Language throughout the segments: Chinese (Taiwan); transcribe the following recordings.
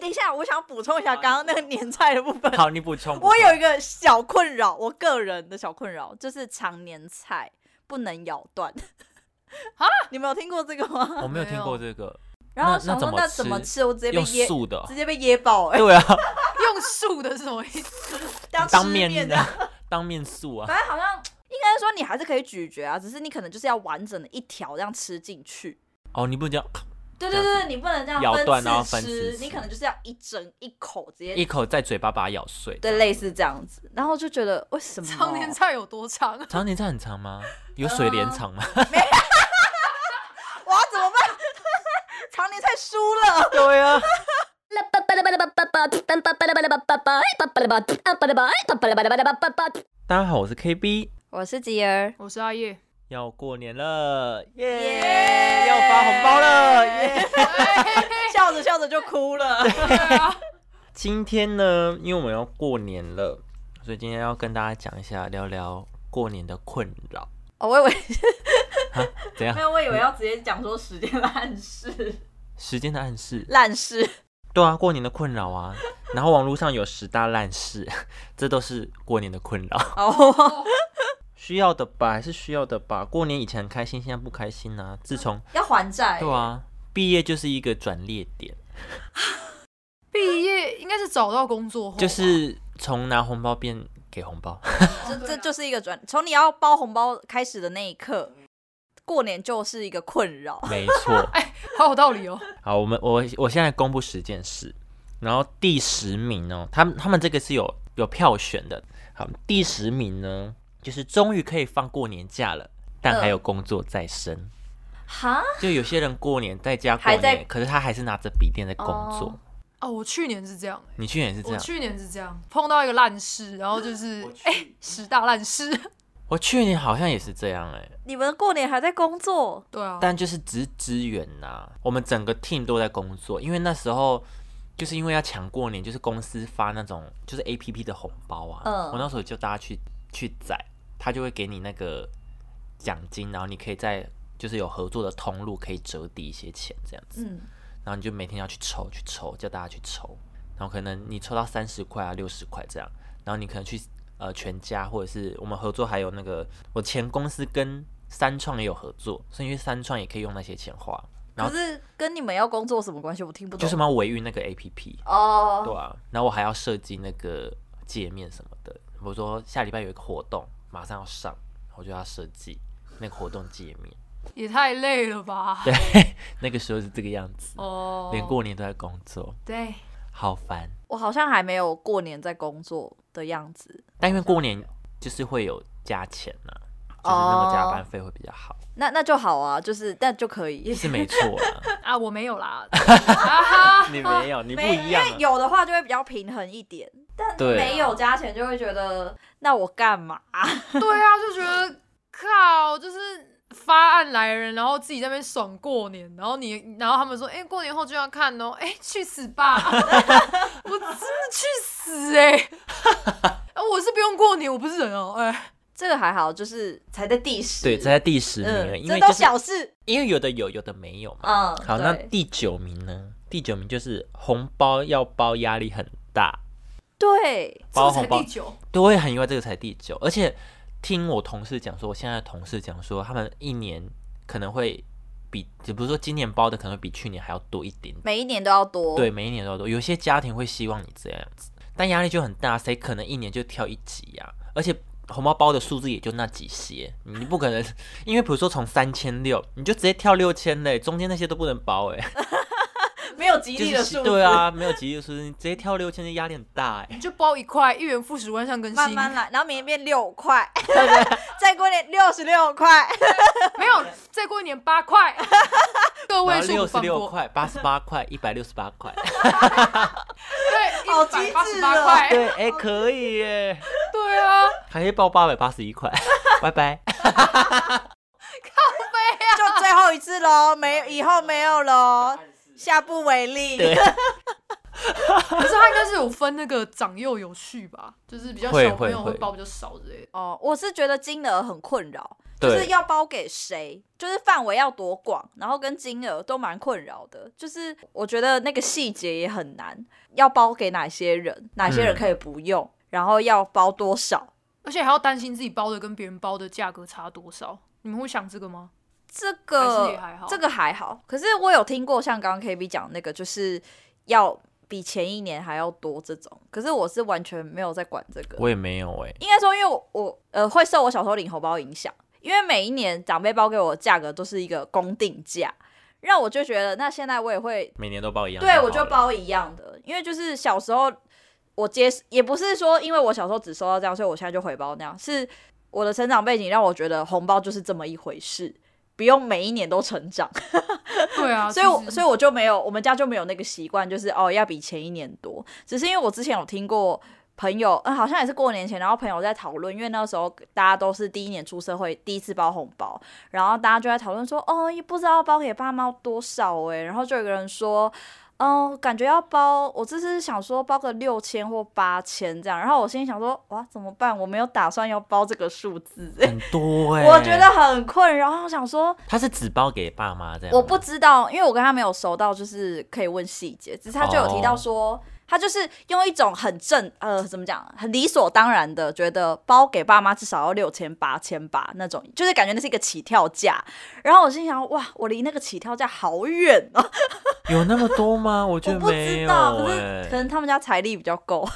等一下，我想補充一下剛剛那個年菜的部分。好，你補充。我有一個小困擾，我個人的小困擾就是長年菜不能咬斷。啊？你沒有聽過這個嗎？我沒有聽過這個。然後想說，那怎麼吃？我直接被噎的，直接被噎爆。對啊。用素的是什麼意思？當面的，當面素啊。反正好像應該是說你還是可以咀嚼啊，只是你可能就是要完整的一條這樣吃進去。哦，你不這樣。對對對，你不能這樣咬斷，然後分次吃，吃你可能就是要一整一口直接一口在嘴巴把它咬碎，對，類似這樣子，然後就覺得為什麼？長年菜有多長啊？長年菜很長嗎？有水蓮長嗎？沒啊，我要，怎麼辦？長 年菜輸了。對啊。 大家好，我是 KB，我是吉兒，我是阿葉。要過年了，耶、yeah!！Yeah! 要發紅包了，耶、yeah!！Hey, hey , hey, 笑着笑着就哭了 、啊。 今天呢，因為我們要過年了，所以今天要跟大家講一下，聊聊過年的困擾。哦、oh, wait， , 我以為怎樣？沒有，我以為要直接講說時間的暗示。時間的暗示？爛事？對啊，過年的困擾啊。然後網絡上有十大爛事， 這都是過年的困擾。哦。Oh, oh. 需要的吧，還是需要的吧。過年以前很開心，現在不開心、啊、自從要還債、欸，對啊，畢業就是一個轉捩點。畢 業應該是找到工作就是從拿紅包變給紅包，哦、 這這就是一個轉。從你要包紅包開始的那一刻，過年就是一個困擾。 沒錯，哎、欸，好有道理哦。好，我們我我現在公布十件事，然後第十名哦，他們他們這個是有有票選的。好，第十名呢？就是終於可以放過年假了，但還有工作在身。哈、呃！就有些人過年在家過年，在可是他還是拿着筆電在工作。呃、哦，我去年是這樣、欸。你去年是這樣？我去年是這樣，碰到一個爛事，然後就是哎、呃欸，十大爛事。我去年好像也是這樣哎、欸。你們過年還在工作？對啊。但就是只支援吶、啊，我們整個 team 都在工作，因為那時候就是因為要搶過年，就是公司發那種就是 A P P 的紅包啊。嗯、呃。我那時候就叫大家去。去載，他就會給你那個獎金，然後你可以在就是有合作的通路，可以折抵一些錢這樣子，嗯，然後你就每天要去抽去抽，叫大家去抽，然後可能你抽到三十塊啊六十塊這樣，然後你可能去呃全家或者是我們合作，還有那個我前公司跟三創也有合作，所以三創也可以用那些錢花，然後可是跟你們要工作什麼關係？我聽不懂，就是幫我維運那個 APP 哦，對啊，然後我還要設計那個界面什麼的。我說下禮拜有一個活動，馬上要上，我就要設計那個活動介面，也太累了吧？對，那個時候是這個樣子哦，oh, 連過年都在工作。對，好煩煩。我好像還沒有過年在工作的樣子，但因為過年就是會有加錢呢、啊，oh. 就是那個加班費會比較好。那那就好啊，就是那就可以，是沒錯啊, 啊。我沒有啦， 你沒有，你不一樣、啊，因為有的話就會比較平衡一點。但沒有加錢就會覺得、啊、那我幹嘛？ 對啊，就覺得靠，就是發案來人，然後自己在那邊爽過年，然後你，然後他們說，哎、欸，過年後就要看哦、喔，哎、欸，去死吧！ 我真的去死哎、欸！ 我是不用過年，我不是人哦、喔，哎、欸，這個還好，就是才在第十，對，才在第十名了，這都小事。因為有的有，有的沒有嘛。嗯，好，對那第九名呢？第九名就是紅包要包，壓力很大。對，包紅包，對，我也很意外，這個才第九。而且聽我同事講說，我現在的同事講說，他們一年可能會比，就比如說今年包的，可能比去年還要多一點。每一年都要多，對，每一年都要多。有些家庭會希望你這樣子，但壓力就很大。誰可能一年就跳一級呀、啊？而且紅包包的數字也就那幾些，你不可能，因為比如說從三千六，你就直接跳六千嘞，中間那些都不能包哎、欸。 沒有吉利的數字，對啊，沒有吉利數字，你直接跳六千的壓力很大哎。你就包一塊，一元復始，萬象更新。慢慢來，然後明天變六塊，再過年六十六塊，沒有，再過年八塊，個位數。六十六塊，八十八塊，一百六十八塊，對，一百八十八塊，對，哎，可以耶。對啊，還可以包八百八十一塊，拜拜。靠北啊，就最後一次嘍，沒以後沒有嘍。下不為例。對 可是他應該是有分那個長幼有序吧， 就是比較小朋友會包比較少之類的、欸。哦，會 uh, 我是覺得金額很困擾，對 就是要包給誰，就是範圍要多廣，然後跟金額都蠻困擾的。就是我覺得那個細節也很難，要包給哪些人，哪些人可以不用，嗯、然後要包多少，而且還要擔心自己包的跟別人包的價格差多少。你們會想這個嗎？這個這個還好，可是我有聽過像剛剛 KB 講那個，就是要比前一年還要多這種。可是我是完全沒有在管這個，我也沒有哎、欸。應該說，因為我，我呃會受我小時候領紅包影響，因為每一年長輩包給我的價格都是一個公定價，讓我就覺得那現在我也會每年都包一樣。對，我就包一樣的，嗯、因為就是小時候我接也不是說因為我小時候只收到這樣，所以我現在就回包那樣。是我的成長背景讓我覺得紅包就是這麼一回事。不用每一年都成長， 對啊，所以其實 所以我就沒有，我們家就沒有那個習慣，就是哦，要比前一年多，只是因為我之前有聽過朋友，嗯、呃，好像也是過年前，然後朋友在討論，因為那個時候大家都是第一年出社會，第一次包紅包，然後大家就在討論說，哦，也不知道包給爸媽多少誒、欸。然後就有個人說。嗯，感覺要包，我這是想說包個六千或八千這樣，然後我心裡想說哇，怎麼辦？我沒有打算要包這個數字，很多哎、欸， 我覺得很困擾。然後我想說，他是只包給爸媽這樣，我不知道，因為我跟他沒有熟到，就是可以問細節，只是他就有提到說。Oh. 他就是用一種很正，呃，怎麼講，很理所當然的，覺得包給爸媽至少要六千八千八那種，就是感覺那是一個起跳價。然後我心想，哇，我離那個起跳價好遠哦！ 有那麼多嗎？我覺得沒有、欸、 我不知道。可是可能他們家財力比較夠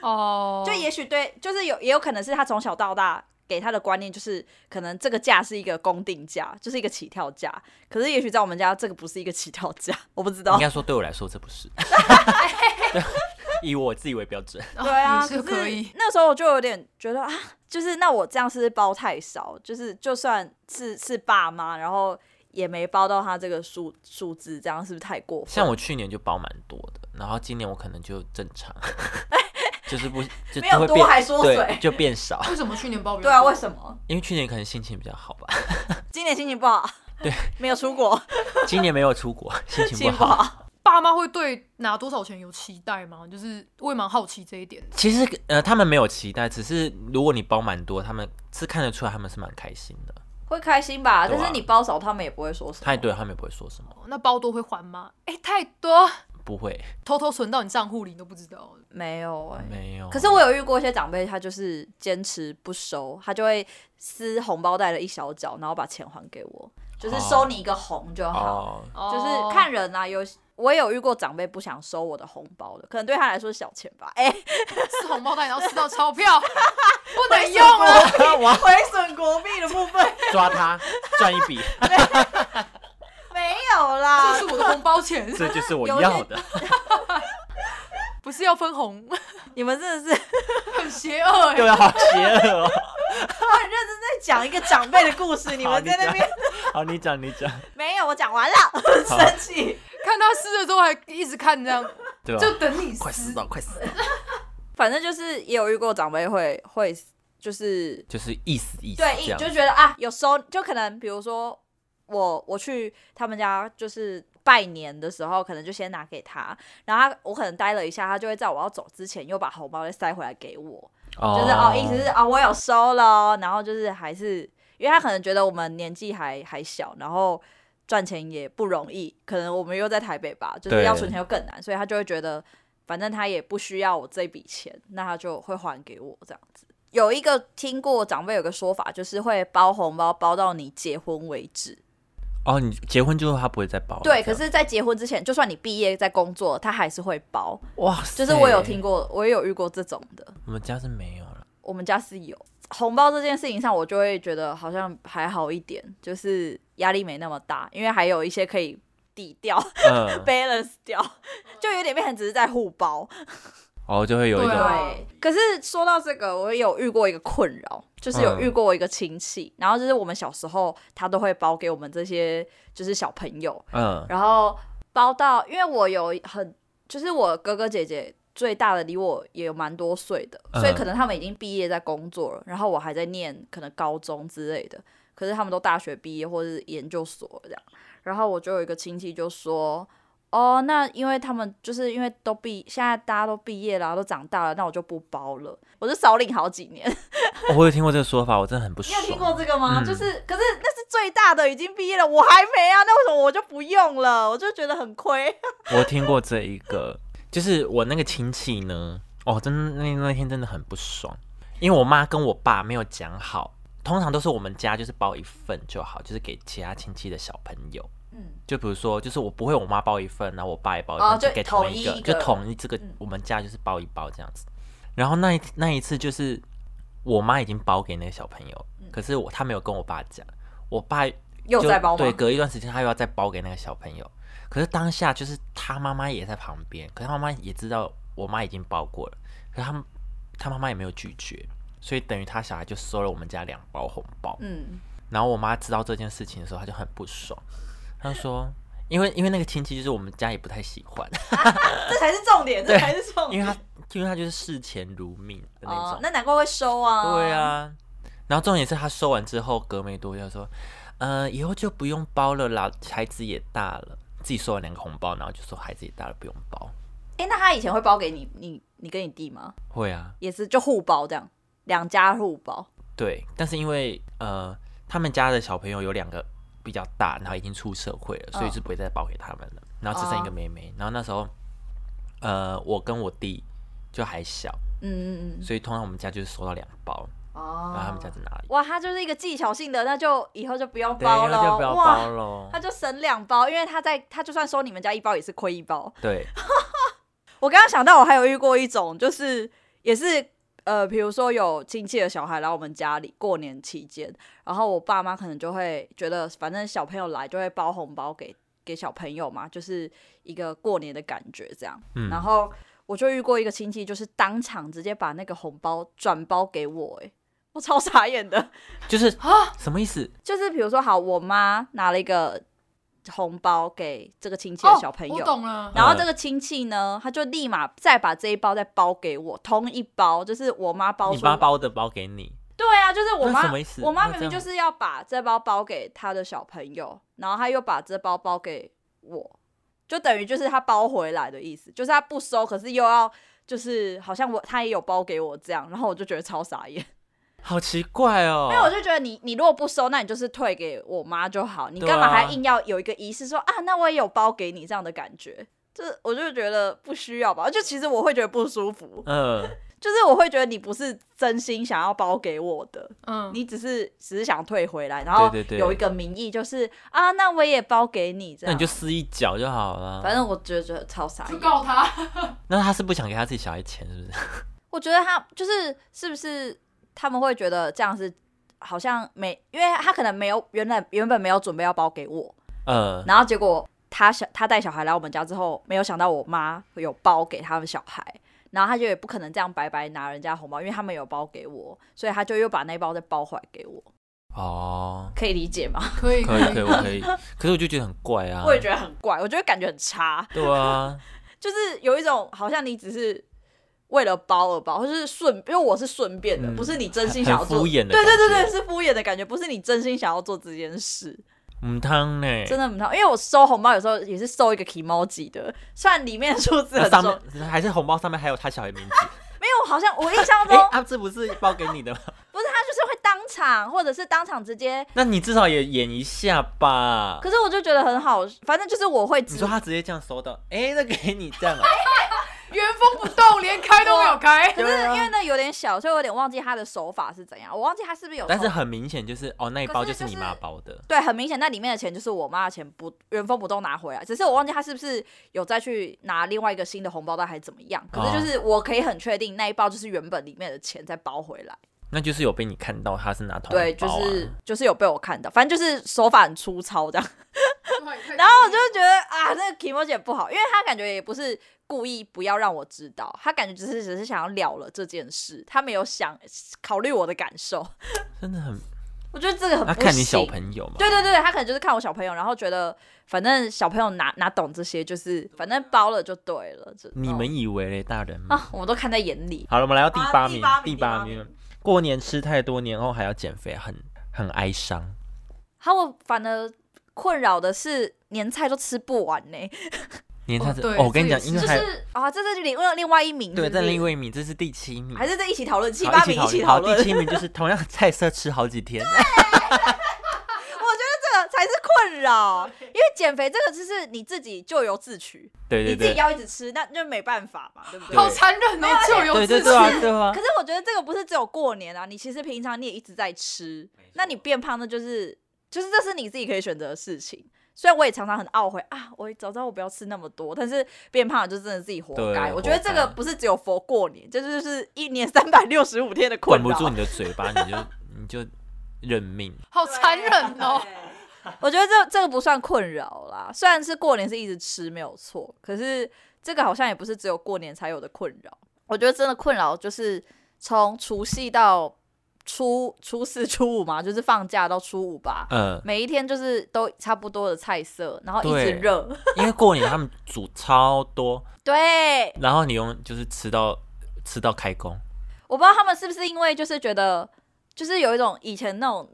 哦。 就也許對，就是有，也有可能是他從小到大。給他的觀念就是，可能這個價是一個公定價，就是一個起跳價。可是也許在我們家，這個不是一個起跳價，我不知道。應該說，對我來說，這不是。 以我自己為標準。對啊，可是可以。那時候我就有點覺得啊，就是那我這樣是不是包太少？就是就算是是爸媽，然後也沒包到他這個數數字，這樣是不是太過分？像我去年就包蠻多的，然後今年我可能就正常。 就是不，沒有多還縮水，就變少。為什麼去年包比較多？ 對啊，為什麼？因為去年可能心情比較好吧。 今年心情不好。對，沒有出國。 今年沒有出國，心情不好。報爸媽會對拿多少錢有期待嗎？就是我也蠻好奇這一點。其實呃，他們沒有期待，只是如果你包蠻多，他們是看得出來，他們是蠻開心的。會開心吧，啊、但是你包少，他們也不會說什麼。太對，他們也不會說什麼。那包多會還嗎？哎，太多。不會偷偷存到你賬戶裡，你都不知道。沒有哎、欸，沒有。可是我有遇過一些長輩，他就是堅持不收，他就會撕紅包袋的一小角，然後把錢還給我，就是收你一個紅就好。Oh. Oh. 就是看人啊，有我也有遇過長輩不想收我的紅包的，可能對他來說是小錢吧。哎、欸，撕 紅包袋，然後撕到鈔票， 不能用哦，毀損 國幣的部分，抓他賺一筆。 沒有啦，這是,是我的紅包錢， 這就是我要的，有你 不是要分紅。 你們真的是很邪惡、欸，對吧、啊？好邪惡、喔、 我很認真在講一個長輩的故事， 你,你們在那邊， 好，你講，你講。沒有，我講完了，很生氣。 看他撕了之後還一直看這樣，對吧就等你快死吧，快死。反正就是也有遇過長輩會會就是就是意思,意思。意思，對，你就覺得啊，有時候就可能比如說。我我去他們家就是拜年的時候，可能就先拿給他，然後他我可能待了一下，他就會在我要走之前又把紅包再塞回來給我，oh. 就是哦意思是哦，我有收了，然後就是還是因為他可能覺得我們年紀還還小，然後賺錢也不容易，可能我們又在台北吧，就是要存錢又更難，對所以他就會覺得反正他也不需要我這筆錢，那他就會還給我這樣子。有一個聽過長輩有個說法，就是會包紅包包到你結婚為止。然後、哦，你結婚之後他不會再包，對。樣可是，在結婚之前，就算你畢業在工作，他還是會包哇塞。就是我有聽過，我也有遇過這種的。我們家是沒有了，我們家是有紅包這件事情上，我就會覺得好像還好一點，就是壓力沒那麼大，因為還有一些可以抵掉，呃、 balance 掉，就有點變成只是在互包。然、oh, 就會有一對、啊，可是說到這個，我也有遇過一個困擾，就是有遇過一個親戚，嗯、然後就是我們小時候，他都會包給我們這些就是小朋友，嗯、然後包到，因為我有很，就是我哥哥姐姐最大的離我也有蠻多歲的，嗯、所以可能他們已經畢業在工作了，然後我還在念可能高中之類的，可是他們都大學畢業或是研究所這樣，然後我就有一個親戚就說。哦，那因為他們就是因為都畢，現在大家都畢業了，都長大了，那我就不包了，我就少領好幾年、哦。我有聽過這個說法，我真的很不爽。你有聽過這個嗎？嗯、就是，可是那是最大的，已經畢業了，我還沒啊，那為什麼我就不用了？我就覺得很虧。我聽過這一個，就是我那個親戚呢，哦，真的，那那天真的很不爽，因為我媽跟我爸沒有講好，通常都是我們家就是包一份就好，就是給其他親戚的小朋友。嗯，就比如說，就是我不會，我媽包一份，然後我爸也包一份，給、哦、同一個，就統一這個。個我們家就是包一包這樣子。然後那一那一次，就是我媽已經包給那個小朋友，可是我她沒有跟我爸講，我爸就又再包。對，隔一段時間，他又要再包給那個小朋友。可是當下就是他媽媽也在旁邊，可是他媽媽也知道我媽已經包過了，可是他他媽媽也沒有拒絕，所以等於他小孩就收了我們家兩包紅包。嗯，然後我媽知道這件事情的時候，她就很不爽。他說：“因為因為那個親戚就是我們家也不太喜歡，這才是重點，這才是重點。因為他 因為他就是視錢如命的那種、哦，那難怪會收啊。對啊，然後重點是他收完之後，隔沒多久說，呃，以後就不用包了啦，孩子也大了，自己收完兩個紅包，然後就說孩子也大了，不用包。哎、欸，那他以前會包給你，你你跟你弟嗎？會啊，也是就互包這樣，兩家互包。對，但是因為呃，他們家的小朋友有兩個。”比較大，然後已經出社會了，oh. 所以就不會再包給他們了。然後只剩一個妹妹。Oh. 然後那時候，呃，我跟我弟就還小，嗯嗯嗯，hmm. 所以通常我們家就是收到兩包。哦，oh. 然後他們家在哪裡？哇，他就是一個技巧性的，那就以後就不用包囉就不要包了，他就省兩包，哇因為他在他就算收你們家一包也是虧一包。對， 我剛剛想到，我還有遇過一種，就是也是。呃，比如說有親戚的小孩來我們家裡過年期間，然後我爸媽可能就會覺得，反正小朋友來就會包紅包給給小朋友嘛，就是一個過年的感覺這樣。嗯，然後我就遇過一個親戚，就是當場直接把那個紅包轉包給我，欸，我超傻眼的，就是啊，什麼意思？ 就是比如說，好，我媽拿了一個。紅包給這個親戚的小朋友，哦，我懂了。然後這個親戚呢，他就立馬再把這一包再包給我，同一包就是我媽包。你媽包的包給你？對啊，就是我媽。什麼意思？我媽明明就是要把這包包給他的小朋友，然後他又把這包包給我，就等於就是他包回來的意思，就是他不收，可是又要就是好像我他也有包給我這樣，然後我就覺得超傻眼。好奇怪哦，因為我就覺得你，你如果不收，那你就是退給我媽就好，你幹嘛還硬要有一個儀式，說啊，啊，那我也有包給你這樣的感覺？就是我就覺得不需要吧，就其實我會覺得不舒服。嗯，就是我會覺得你不是真心想要包給我的，嗯，你只是只是想退回來，然後有一個名義就是對對對啊，那我也包給你，這樣。那你就撕一角就好了。反正我覺得覺得超傻，就告他。 那他是不想給他自己小孩錢，是不是？我覺得他就是是不是？他們會覺得這樣是好像沒，因為他可能沒有原來原本沒有準備要包給我，嗯、呃，然後結果他小他帶小孩來我們家之後，沒有想到我媽會有包給他的小孩，然後他就也不可能這樣白白拿人家紅包，因為他們有包給我，所以他就又把那包再包回來給我。哦，可以理解嗎？可以可以可以可以，可以可以 可是我就覺得很怪啊。我也覺得很怪，我覺得感覺很差。對啊， 就是有一種好像你只是。為了包而包，或是順，因為我是順便的，嗯、不是你真心想要做。很敷衍的，對對對對，是敷衍的感覺，不是你真心想要做這件事。很燙呢，真的很燙，因為我收紅包有時候也是收一個 emoji 的，算裡面數字很重，啊，還是紅包上面還有他小孩名字。字，啊。沒有，好像我印象中，他這，啊欸啊、不是包給你的嗎？ 不是，他就是會當場，或者是當場直接。那你至少也演一下吧。可是我就覺得很好，反正就是我會。你說他直接這樣收到，哎、欸，那給你這樣啊 原封不動，連開都沒有開，oh, 可是因為那有點小，所以我有點忘記他的手法是怎樣。我忘記他是不是有，但是很明顯就是哦，那一包就是你媽包的是，就是，對，很明顯那裡面的錢就是我媽的錢不，不原封不動拿回來。只是我忘記他是不是有再去拿另外一個新的紅包袋，還是怎麼樣。可是就是我可以很確定那一包就是原本裡面的錢再包回來，oh. 那就是有被你看到他是拿紅包，啊，對，就是就是有被我看到，反正就是手法很粗糙這樣。 oh、my, 然後我就覺得啊，那個 k i m e r 姐不好，因為她感覺也不是。故意不要讓我知道，他感覺只是只是想要了了這件事，他沒有想考慮我的感受， 真的很，我覺得這個很不他看你小朋友嘛，對對對，他可能就是看我小朋友，然後覺得反正小朋友哪哪懂這些，就是反正包了就對了，你們以為嘞大人啊，我們都看在眼裡。好了，我們來到第八名，啊、第八名，八名八名過年吃太多，年後還要減肥，很很哀傷。他、啊、我反而困擾的是年菜都吃不完呢、欸。 哦，我跟你講，因為啊，這是問了另外一名，對，在另外一名，這是第七名，還是在一起討論七八名一起討論，第七名就是同樣菜色吃好幾天。我覺得這個才是困擾，因為減肥這個只是你自己咎由自取。對對對，你自己要一直吃，那就沒辦法嘛，對不對？好殘忍，都咎由自取。對對對對可是我覺得這個不是只有過年啊，你其實平常你也一直在吃，那你變胖那就是就是這是你自己可以選擇的事情。雖然我也常常很懊悔啊！我也早知道我不要吃那麼多，但是變胖了就真的自己活該。活該。我覺得這個不是只有佛過年，就是是一年三百六十五天的困擾。管不住你的嘴巴， 你就你就認命。好殘忍哦！我覺得這這個不算困擾啦，雖然是過年是一直吃沒有錯，可是這個好像也不是只有過年才有的困擾。我覺得真的困擾就是從除夕到。初初四、初五嘛，就是放假到初五吧。嗯、呃，每一天就是都差不多的菜色，然後一直熱。對 因為過年他們煮超多。對。然後你用就是吃到吃到開工。我不知道他們是不是因為就是覺得就是有一種以前那種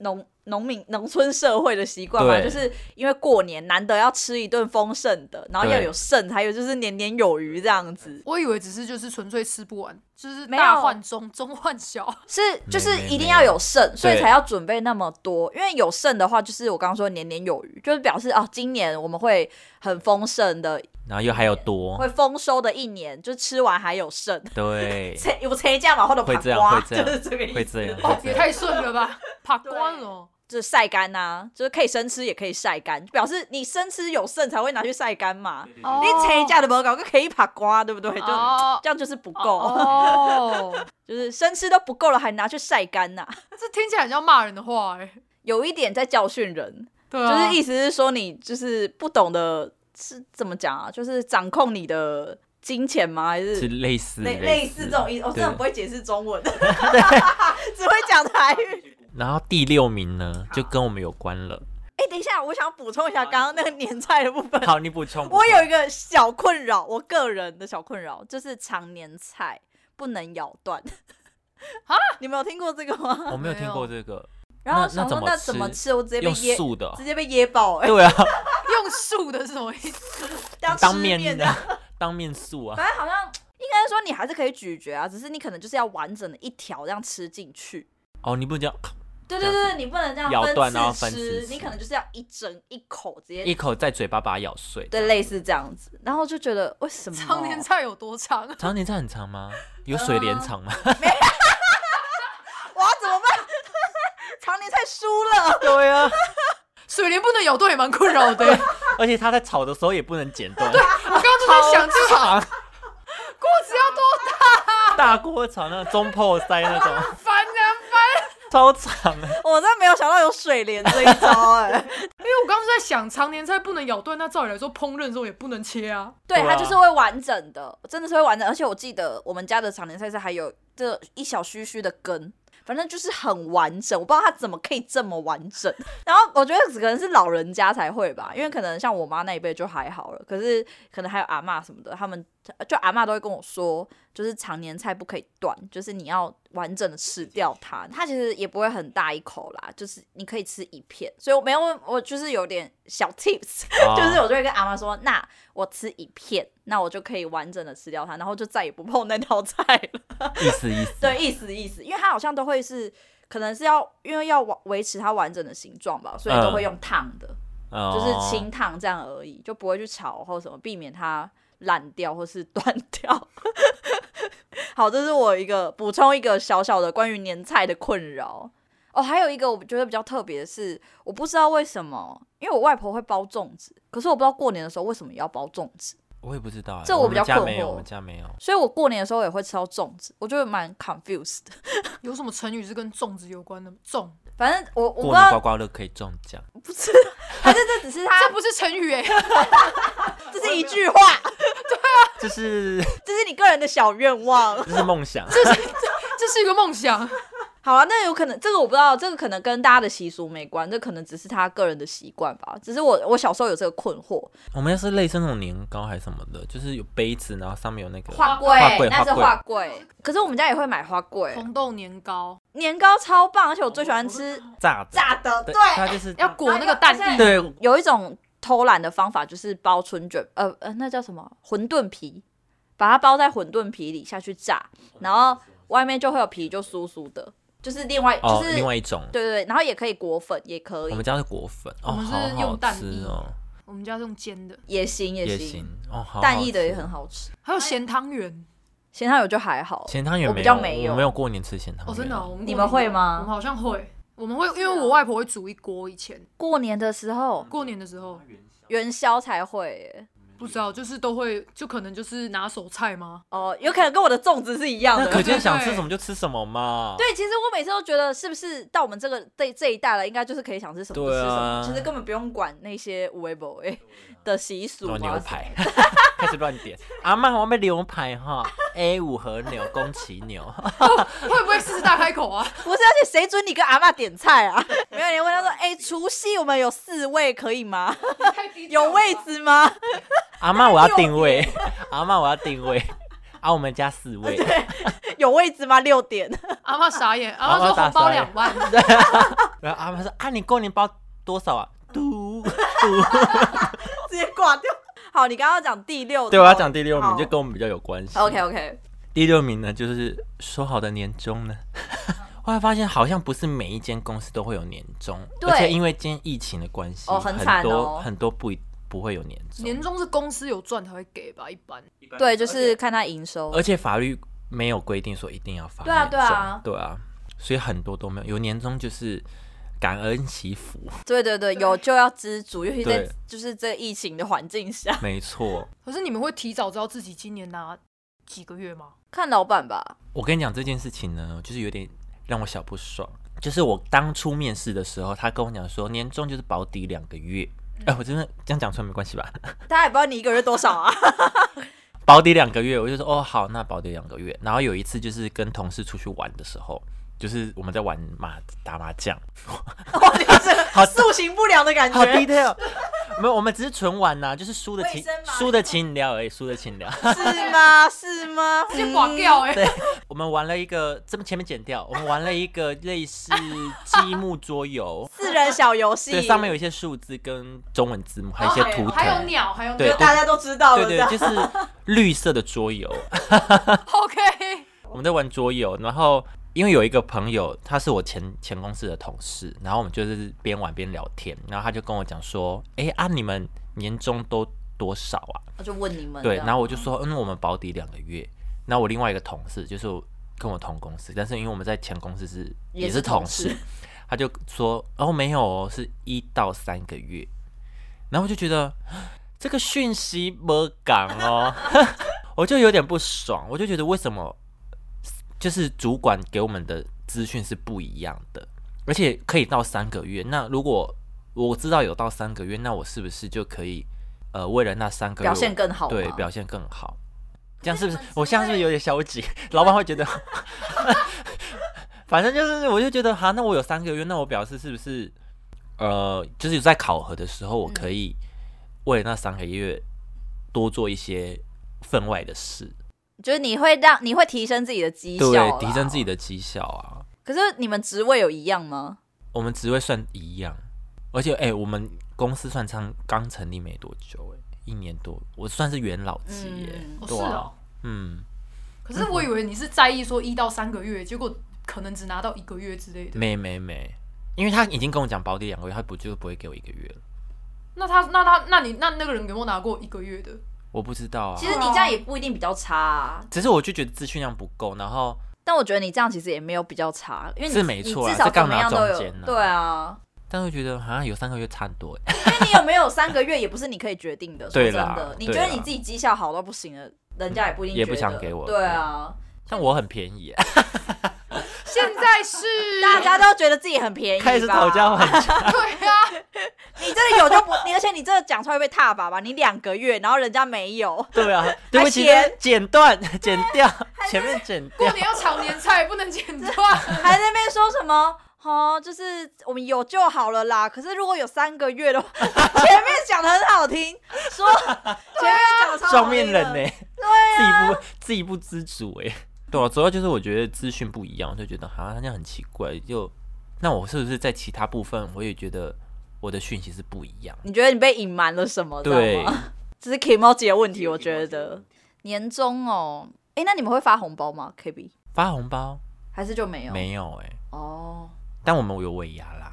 農。農民農村社會的習慣嘛，就是因為過年難得要吃一頓豐盛的，然後要有剩，還有就是年年有餘這樣子。我以為只是就是純粹吃不完，就是大換中中換小，是就是一定要有剩，所以才要準備那麼多。因為有剩的話，就是我剛剛說年年有餘，就是表示啊，今年我們會很豐盛的，然後又還有多，會豐收的一年，就是吃完還有剩。對，車有車架嘛，或者爬瓜，就是這個意思。也太順了吧，爬光哦。就是曬乾吶、啊，就是可以生吃，也可以曬乾，表示你生吃有剩才會拿去曬乾嘛。你拆架都沒有搞個，可以一把瓜，對不對？就、oh. 這樣就是不夠，oh. Oh. 就是生吃都不夠了，還拿去曬乾吶、啊？這聽起來很像罵人的話哎、欸，有一點在教訓人，對啊、就是意思是說你就是不懂得是怎麼講啊，就是掌控你的金錢嗎？還是？是類似類似這種意思？我真的不會解釋中文，對 只會講台語。 然後第六名呢，就跟我們有關了。哎，等一下，我想補充一下剛剛那個年菜的部分。好，你補充。我有一個小困擾，我個人的小困擾就是長年菜不能咬斷。啊？你沒有聽過這個嗎？我沒有聽過這個。然後想說那怎麼吃？用素的，直接被噎爆。對啊，用素的是什麼意思？當面的，當面素啊。反正好像應該說你還是可以咀嚼啊，只是你可能就是要完整的一條這樣吃進去。哦，你不能這樣。對對對，你不能這樣咬斷然後分次吃，次次你可能就是要一整一口直接一口在嘴巴把它咬碎，對，類似這樣子。然後就覺得為什麼長年菜有多長？長年菜很長嗎？有水蓮長嗎？呃、沒、啊。哇， 怎麼辦？長 年菜輸了。對啊。 水蓮不能咬斷也蠻困擾的， 而且它在炒的時候也不能剪斷。 對，我剛剛就在想就，炒鍋、啊、子要多大、啊？大鍋炒那個、中破塞那種。 超長！ 我真的沒有想到有水蓮這一招哎、欸， 因為我剛剛在想，長年菜不能咬斷，那照理來說烹飪的時候也不能切啊。對吧，對，它就是會完整的，真的是會完整。而且我記得我們家的長年菜是還有這一小鬚鬚的根，反正就是很完整，我不知道它怎麼可以這麼完整。然後我覺得只可能是老人家才會吧，因為可能像我媽那一輩就還好了，可是可能還有阿嬤什麼的，他們。就阿嬤都會跟我說，就是長年菜不可以斷，就是你要完整的吃掉它。它其實也不會很大一口啦，就是你可以吃一片。所以我沒有問我就是有點小 tips，、oh. 就是我就會跟阿嬤說，那我吃一片，那我就可以完整的吃掉它，然後就再也不碰那道菜了。 意思意思。對，意思意思。因為它好像都會是，可能是要因為要維維持它完整的形狀吧，所以都會用燙的，uh. 就是清燙這樣而已，oh. 就不會去炒或什麼，避免它。爛掉或是斷掉， 好，這是我一個補充一個小小的關於年菜的困擾哦。還有一個我覺得比較特別的是，我不知道為什麼，因為我外婆會包粽子，可是我不知道過年的時候為什麼也要包粽子，我也不知道、欸。這我比較困惑。我們家沒有，我們家沒有，所以我過年的時候也會吃到粽子，我覺得蠻 confused 的。有什麼成語是跟粽子有關的？粽子反正我，我過年刮刮樂可以中獎，不是？還是這只是它？ 這不是成語哎、欸， 這是一句話。這是這是你個人的小願望，這是夢想，這是這是一個夢想。好啊，那有可能這個我不知道，這個可能跟大家的習俗沒關，這可能只是他個人的習慣吧。只是我我小時候有這個困惑。我們家是類似那種年糕還是什麼的，就是有杯子，然後上面有那個花粿粿，花粿那是花粿。花粿可是我們家也會買花粿，紅豆年糕，年糕超棒，而且我最喜歡吃炸的炸的，對，它就是要裹那個蛋液，一有一種。偷懶的方法就是包春捲，呃呃，那叫什麼餛飩皮，把它包在餛飩皮裡下去炸，然後外面，就會有皮就酥酥的，就是另外、哦、就是另外一種，對，對對，然後也可以裹粉，也可以。我們家是裹粉，哦、我們是用蛋液，好好吃哦、我們家是用煎的，也行也行，蛋液的也很好吃。還有鹹湯圓，鹹湯圓就還好，鹹湯圓我比較沒有，我沒有過年吃鹹湯圓，真的、哦，我們你們會嗎？我們好像會。我們會，因為我外婆會煮一鍋，以前過年的時候，過年的時候元宵才會，不知道，就是都會，就可能就是拿手菜嗎？哦，uh, 有可能跟我的粽子是一樣的。可就想吃什麼就吃什麼嘛？ 對，其實我每次都覺得，是不是到我們這個這這一代了，應該就是可以想吃什麼就吃什麼，啊、其實根本不用管那些有的沒的的習俗，牛排開始亂點，阿媽我要買牛排哈，A 五和牛，宮崎牛，會不會獅子大開口啊？不是，而且誰准你跟阿媽點菜啊？沒有，你問他說，哎，除夕我們有四位，可以嗎？有位置嗎？阿媽我要定位，阿媽我要定位，啊，我們家四位，對，有位置嗎？六點，阿媽傻眼，阿媽說紅包兩萬，然後阿媽說，啊，你過年包多少啊？嘟嘟。直接掛掉。好，你剛剛講第六，對，我要講第六名，好就跟我們比較有關係。OK OK，第六名呢，就是說好的年終呢， 後來發現好像不是每一間公司都會有年終，嗯、而且因為今天疫情的關係對多、哦，很多、哦、很多不不會有年終。年終是公司有賺才會給吧？一般，一般。對，就是看他營收。而且法律沒有規定說一定要發年終，對啊對啊對啊，對啊所以很多都沒有有年終，就是。感恩祈福，對對對，有就要知足，對尤其在就是這疫情的環境下，沒錯。可是你們會提早知道自己今年拿幾個月嗎？看老闆吧。我跟你講這件事情呢，就是有點讓我小不爽。就是我當初面試的時候，他跟我講說，年終就是保底兩個月。哎、嗯呃，我真的這樣講出來沒關係吧？他也不知道你一個月多少啊？ 保底兩個月，我就說哦好，那保底兩個月。然後有一次就是跟同事出去玩的時候。就是我們在玩麻打麻將，哇，就是好塑形不良的感覺，好 detail 沒有，我們只是純玩吶，就是輸的情輸的情聊而已，輸的情聊，是嗎？是嗎？直接掛掉哎！對，我們玩了一個，這邊，前面剪掉，我們玩了一個類似積木桌遊，四人小遊戲，上面有一些數字跟中文字母，還有一些圖，還有鳥，還有對大家都知道的，對對，就是綠色的桌遊，OK，我們在玩桌遊，然後。因為有一個朋友，他是我前前公司的同事，然後我們就是邊玩邊聊天，然後他就跟我講說：“哎、欸、啊，你們年終都多少啊？”他就問你們。對，然後我就說：“嗯，我們保底兩個月。”那我另外一個同事就是跟我同公司，但是因為我們在前公司是也是同事，同事他就說：“哦，沒有哦，是一到三個月。”然後我就覺得這個訊息不一樣哦， 我就有點不爽，我就覺得為什麼？就是主管給我們的資訊是不一樣的，而且可以到三個月。那如果我知道有到三個月，那我是不是就可以呃，為了那三個月表現更好？對，表現更好。這樣是不是 我現在是不是有點消極？ 老闆會覺得， 反正就是我就覺得哈、啊，那我有三個月，那我表示是不是呃，就是在考核的時候，我可以為了那三個月多做一些分外的事。就是你會讓你會提升自己的績效，對，提升自己的績效啊。可是你們職位有一樣嗎？我們職位算一樣，而且哎、欸，我們公司算剛剛成立沒多久、欸，哎，一年多，我算是元老級耶、欸。嗯、對吧哦，啊、嗯。可是我以為你是在意說一到三個月，結果可能只拿到一個月之類的。嗯嗯嗯、沒沒沒，因為他已經跟我講保底兩個月，他不就不會給我一個月了？那他那他那你那那個人有沒有拿過一個月的？我不知道啊，其實你這樣也不一定比較差啊。只是我就覺得資訊量不夠，然後。但我覺得你這樣其實也沒有比較差，因為你至少剛拿都有對啊。但會覺得好像有三個月差很多哎。因為你有沒有三個月也不是你可以決定的。說真的，你覺得你自己績效好到不行了，人家也不一定。也不想給我。對啊。像我很便宜。現在是大家都覺得自己很便宜。開始討價還價。對啊。你真的有就不，你而且你真的講出來會被踏吧吧？你兩個月，然後人家沒有。對啊，對不起。嫌剪斷、剪掉前面剪掉。過年要長年菜，不能剪斷。還在那邊說什麼？哈、 哦，就是我們有就好了啦。可是如果有三個月的話， 前面講的很好聽，說、啊、前面講上、那個、面人呢、欸，對、啊、自己不自己不知足哎、欸。對啊，主要就是我覺得資訊不一樣，就覺得他、啊、這樣很奇怪。就那我是不是在其他部分我也覺得？我的訊息是不一樣，你覺得你被隱瞞了什麼？對知道嗎，這是 K 貓姐的問題。我覺得年終哦、喔，哎、欸，那你們會發紅包嗎？KB 發紅包還是就沒有？沒有哎、欸，哦，但我們有尾牙啦。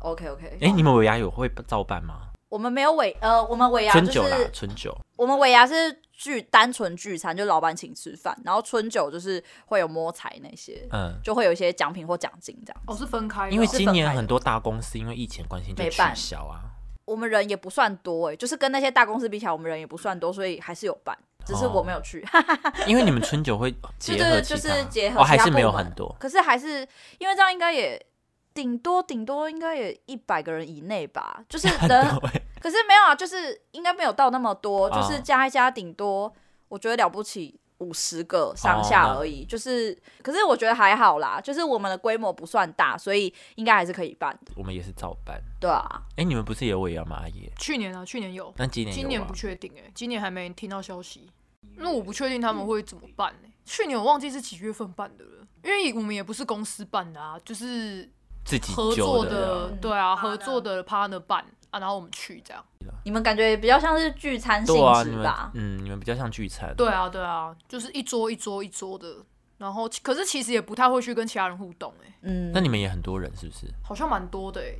OK OK，哎、欸，嗯、你們尾牙有會照辦嗎？我們沒有尾，呃，我們尾牙就是春酒。春酒，我們尾牙是。聚單純聚餐就老闆請吃飯，然後春酒就是會有摸彩那些，嗯，就會有一些獎品或獎金這樣。哦，是分開、哦，因為今年很多大公司因為疫情關係就取消啊。我們人也不算多哎、欸，就是跟那些大公司比起來，我們人也不算多，所以還是有辦，只是我沒有去。哈哈、哦， 因為你們春酒會結合其他，還是沒有很多。可是還是因為這樣應該也。頂多頂多應該也一百個人以內吧，就是能， 可是沒有啊，就是應該沒有到那麼多，啊、就是加一加頂多，我覺得了不起五十個上下而已，啊啊、就是，可是我覺得還好啦，就是我們的規模不算大，所以應該還是可以辦的。我們也是照辦，對啊，哎、欸，你們不是有尾牙嗎？阿野，去年啊，去年有，但今年今年不確定哎、欸，今年還沒聽到消息，對那我不確定他們會怎麼辦呢、欸？嗯、去年我忘記是幾月份辦的了，因為我們也不是公司辦的啊，就是。自己合作的，嗯、對啊，合作的 partner 辦、嗯、啊，然後我們去這樣。你們感覺也比較像是聚餐性質吧、啊？嗯，你們比較像聚餐。對，對啊，對啊，就是一桌一桌一桌的，然後可是其實也不太會去跟其他人互動哎、欸。嗯，那你們也很多人是不是？好像蠻多的、欸。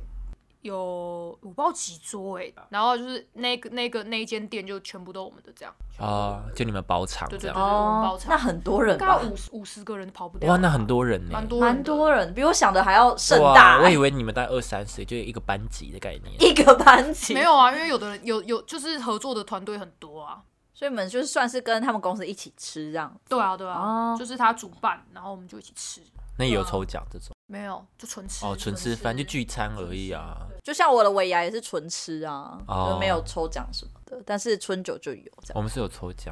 有五包幾桌哎，然後就是那個那個那一間店就全部都我們的這樣啊，就你們包場這樣，對對對對，包場。那很多人，大概五五十個人跑不掉。哇，那很多人呢，蠻多蠻多人，比我想的還要盛大。我以為你們大概二三十，就一個班級的概念。一個班級沒有啊，因為有的人有有就是合作的團隊很多啊，所以你們就是算是跟他們公司一起吃這樣。對啊對啊，就是他主辦，然後我們就一起吃。那也有抽獎這種？沒有，就純吃哦，純吃飯就聚餐而已啊。就像我的尾牙也是純吃啊，哦、就沒有抽獎什麼的。但是春酒就有，這樣。我們是有抽獎。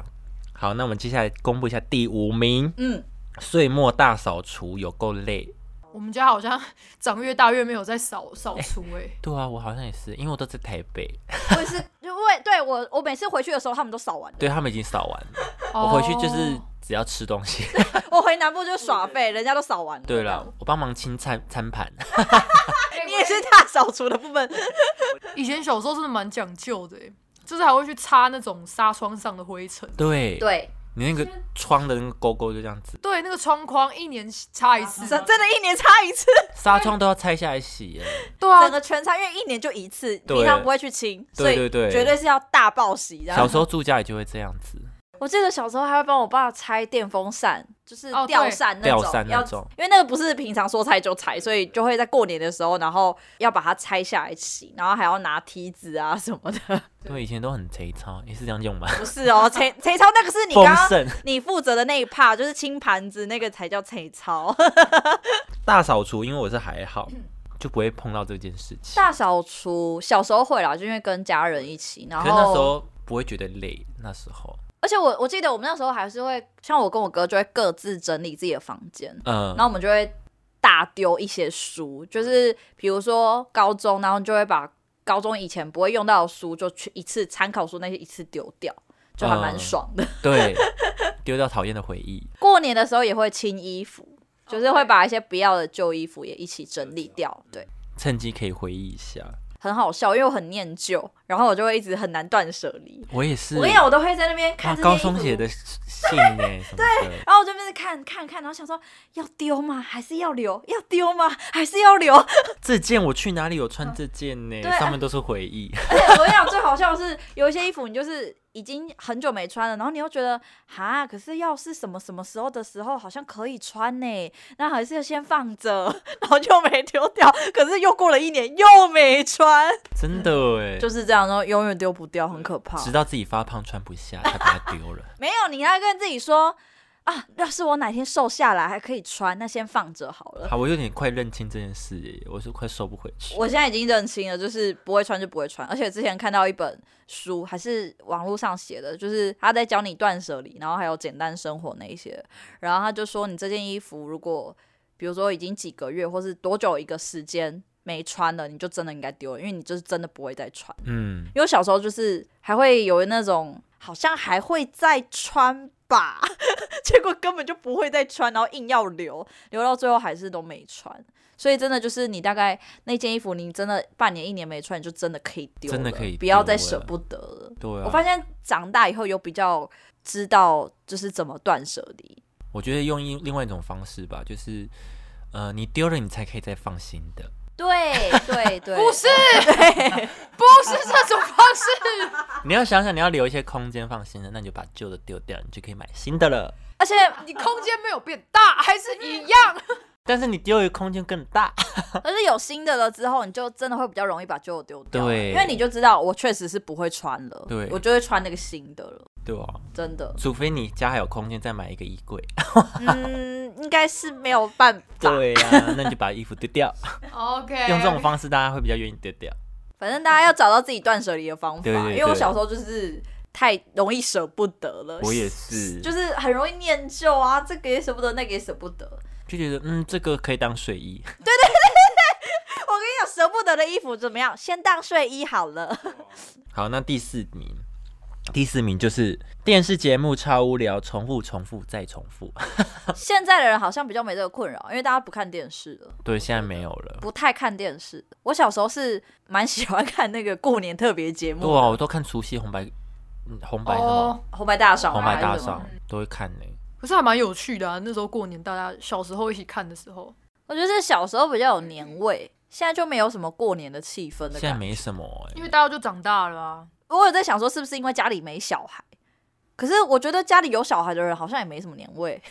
好，那我們接下來公布一下第五名。嗯，歲末大掃除有夠累。我們家好像長越大越沒有在掃掃除哎、欸欸。對啊，我好像也是，因為我都在台北。 我也是，因為對我我每次回去的時候他們都掃完了。對他們已經掃完了， 我回去就是。只要吃東西，我回南部就耍廢，人家都掃完了。對了，我幫忙清餐餐盤，你也是大掃除的部分。以前小時候真的蠻講究的，就是還會去擦那種紗窗上的灰塵。對對，你那個窗的那個勾勾就這樣子。對，那個窗框一年擦一次，真的，一年擦一次，紗窗都要拆下來洗耶。對啊，整個全擦，因為一年就一次，平常不會去清，所以對對對，絕對是要大暴洗。小時候住家也就會這樣子。我記得小時候還會幫我爸拆電風扇，就是吊扇那種，因為那個不是平常說拆就拆，所以就會在過年的時候，然後要把它拆下來洗，然後還要拿梯子啊什麼的。因為以，以前都很賊操，你是這樣用嗎？不是哦，賊操那個是你剛剛你負責的那一帕盛就是清盤子那個才叫賊操。大掃除，因為我是還好，就不會碰到這件事情。大掃除小時候會啦，就因為跟家人一起，然後是那時候不會覺得累，那時候。而且我我記得我們那時候還是會像我跟我哥就會各自整理自己的房間，嗯，然後我們就會大丟一些書，就是比如說高中，然後就會把高中以前不會用到的書就去一次參考書那些一次丟掉，就還蠻爽的，嗯、對， 丟掉討厭的回憶。過年的時候也會清衣服，就是會把一些不要的舊衣服也一起整理掉，對，趁機可以回憶一下，很好笑，因為我很念舊。然後我就會一直很難斷舍離，我也是。我跟你講，我都會在那邊看、啊、高中寫的信呢、欸。對，對。然後我這邊在看看看，然後想說要丟嗎？還是要留？要丟嗎？還是要留？這件我去哪裡有穿這件呢、欸啊？對，上面都是回憶。啊、而且我跟你講，最好笑的是，有一些衣服你就是已經很久沒穿了，然後你又覺得哈，可是要是什麼什麼時候的時候好像可以穿呢、欸？那還是要先放着，然後就沒丟掉。可是又過了一年，又沒穿。真的誒、欸嗯，就是這樣。永遠丟不掉，很可怕。直到自己發胖穿不下才把它丟了。 沒有，你要跟自己說啊，要是我哪天瘦下來還可以穿，那先放着好了。好，我有點快認清這件事，我是快瘦不回去。我現在已經認清了，就是不會穿就不會穿。而且之前看到一本書，還是網絡上寫的，就是他在教你斷舍離，然後還有簡單生活那一些。然後他就說，你這件衣服如果，比如說已經幾個月，或是多久一個時間？沒穿的你就真的應該丟了。因為你就是真的不會再穿。嗯，因為小時候就是還會有那種好像還會再穿吧， 結果根本就不會再穿，然後硬要留，留到最後還是都沒穿。所以真的就是你大概那件衣服，你真的半年、一年沒穿，你就真的可以丟了，真的可以丟了，不要再捨不得了。對啊，我發現長大以後有比較知道就是怎麼斷捨離。我覺得用另外一種方式吧，就是呃，你丟了你才可以再放心的。對對對，對對對不是對不是這種方式。你要想想，你要留一些空間，放新的，那你就把舊的丟掉，你就可以買新的了。而且你空間沒有變大，還是一樣。 但是你丟一個空間更大。但是有新的了之後，你就真的會比較容易把舊的丟掉，對，因為你就知道我確實是不會穿了，對我就會穿那個新的了。對哦，真的。除非你家還有空間，再買一個衣櫃。 嗯，應該是沒有辦法。對啊，那你就把衣服丟掉。OK。用這種方式，大家會比較願意丟掉。反正大家要找到自己斷捨離的方法。 對，對，對，對。因為我小時候就是太容易捨不得了。我也是。就是很容易念舊啊，這個也捨不得，那個也捨不得。就覺得嗯，這個可以當睡衣。對 對對對對。我跟你講，捨不得的衣服怎麼樣？先當睡衣好了。 好，那第四名。第四名就是電視節目超無聊，重複重複再重複。 現在的人好像比較沒這個困擾，因為大家不看電視了。對，現在沒有了。不太看電視。我小時候是蠻喜歡看那個過年特別節目的。對啊，我都看除夕紅白，紅白紅白大賞。紅白大賞。都會看呢、欸。可是還蠻有趣的啊，那時候過年大家小時候一起看的時候，我覺得是小時候比較有年味。現在就沒有什麼過年的氣氛的。現在沒什麼、欸，因為大家都就長大了、啊。我有在想說，是不是因為家裡沒小孩？可是我覺得家裡有小孩的人好像也沒什麼年味。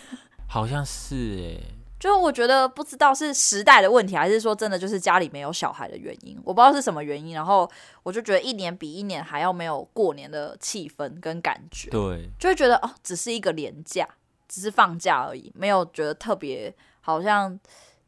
好像是哎、欸，就我覺得不知道是時代的問題，還是說真的就是家裡沒有小孩的原因，我不知道是什麼原因。然後我就覺得一年比一年還要沒有過年的氣氛跟感覺。對，就會覺得哦，只是一個連假，只是放假而已，沒有覺得特別，好像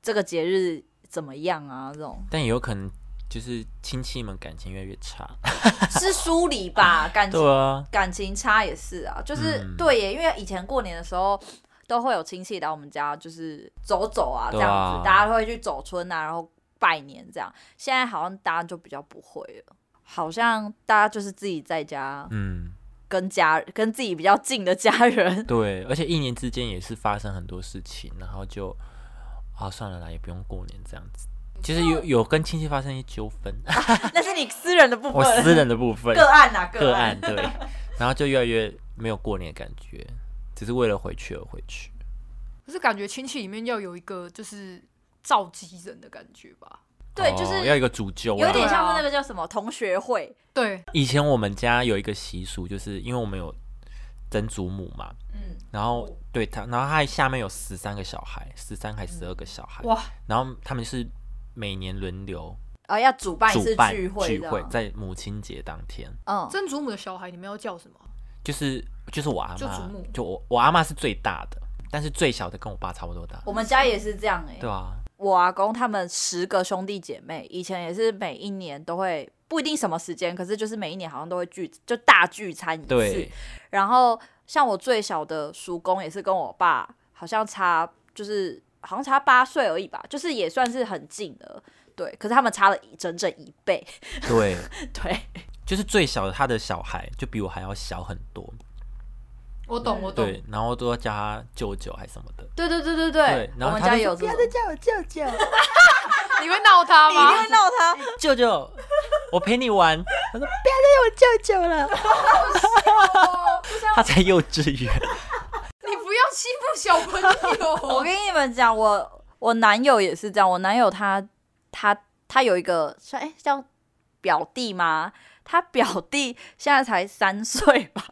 這個節日。怎麼樣啊？這種，但也有可能就是親戚們感情越來越差， 是疏離吧？感情、啊、感情差也是啊，就是、嗯、對耶。因為以前過年的時候都會有親戚來我們家，就是走走啊這樣子，啊、大家會去走春啊，然後拜年這樣。現在好像大家就比較不會了，好像大家就是自己在家，家，嗯，跟家跟自己比較近的家人。對，而且一年之間也是發生很多事情，然後就。啊、哦，算了啦，也不用過年這樣子。其、就、實、是、有有跟親戚發生一些糾紛，啊、 那是你私人的部分，我私人的部分個案吶、啊，個案，案對。 然後就越來越沒有過年的感覺，只是為了回去而回去。可是感覺親戚裡面要有一個就是召集人的感覺吧？哦、對，就是要一個主揪，有點像是那個叫什麼同學會對，以前我們家有一個習俗，就是因為我們有。曾祖母嘛，嗯，然後對他，然後他下面有十三個小孩，十三還十二個小孩，嗯、哇，然後他們是每年輪流，啊，要主辦一次聚會，聚會在母親節當天。嗯，曾祖母的小孩你們要叫什麼？就是就是我阿嬤，就祖母，就我我阿嬤是最大的，但是最小的跟我爸差不多大。我們家也是這樣哎、欸。對啊，我阿公他們十個兄弟姐妹，以前也是每一年都會不一定什麼時間，可是就是每一年好像都會聚，就大聚餐一次。對。然後像我最小的叔公也是跟我爸，好像差就是好像差八歲而已吧，就是也算是很近的。對。可是他們差了一整整一倍。對對。 對，就是最小的他的小孩就比我還要小很多。我懂，我懂。對，然後都要叫他舅舅還是什麼的。對對對對對。然後他不要再叫我舅舅。你會鬧他嗎？你會鬧他？舅舅，我陪你玩。他說不要再叫我舅舅了。他才幼稚園。你不要欺負小朋友。我跟你們講，我我男友也是這樣。我男友他他他有一個，算哎叫表弟嗎？他表弟現在才三歲吧。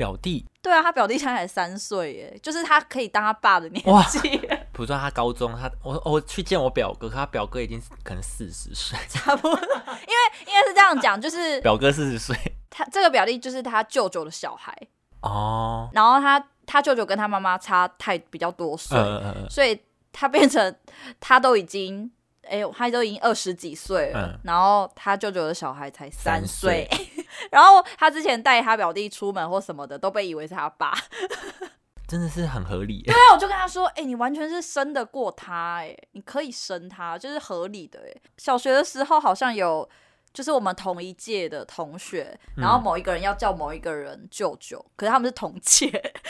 表弟，對啊，他表弟現在才三歲，哎，就是他可以當他爸的年紀。不算他高中，他我我去見我表哥，他表哥已經可能四十歲，差不多。因為因為是這樣講，就是表哥四十歲，他這個表弟就是他舅舅的小孩哦。然後他他舅舅跟他媽媽差太比較多歲，嗯、所以他變成他都已經哎，他都已經二十幾歲了，嗯、然後他舅舅的小孩才三歲。三歲 然後他之前帶他表弟出門或什麼的，都被以為是他爸。 真的是很合理欸。對啊，我就跟他說，哎，欸，你完全是生得過他欸，哎，你可以生他，就是合理的欸。哎，小學的時候好像有，就是我們同一屆的同學，然後某一個人要叫某一個人舅舅，可是他們是同屆，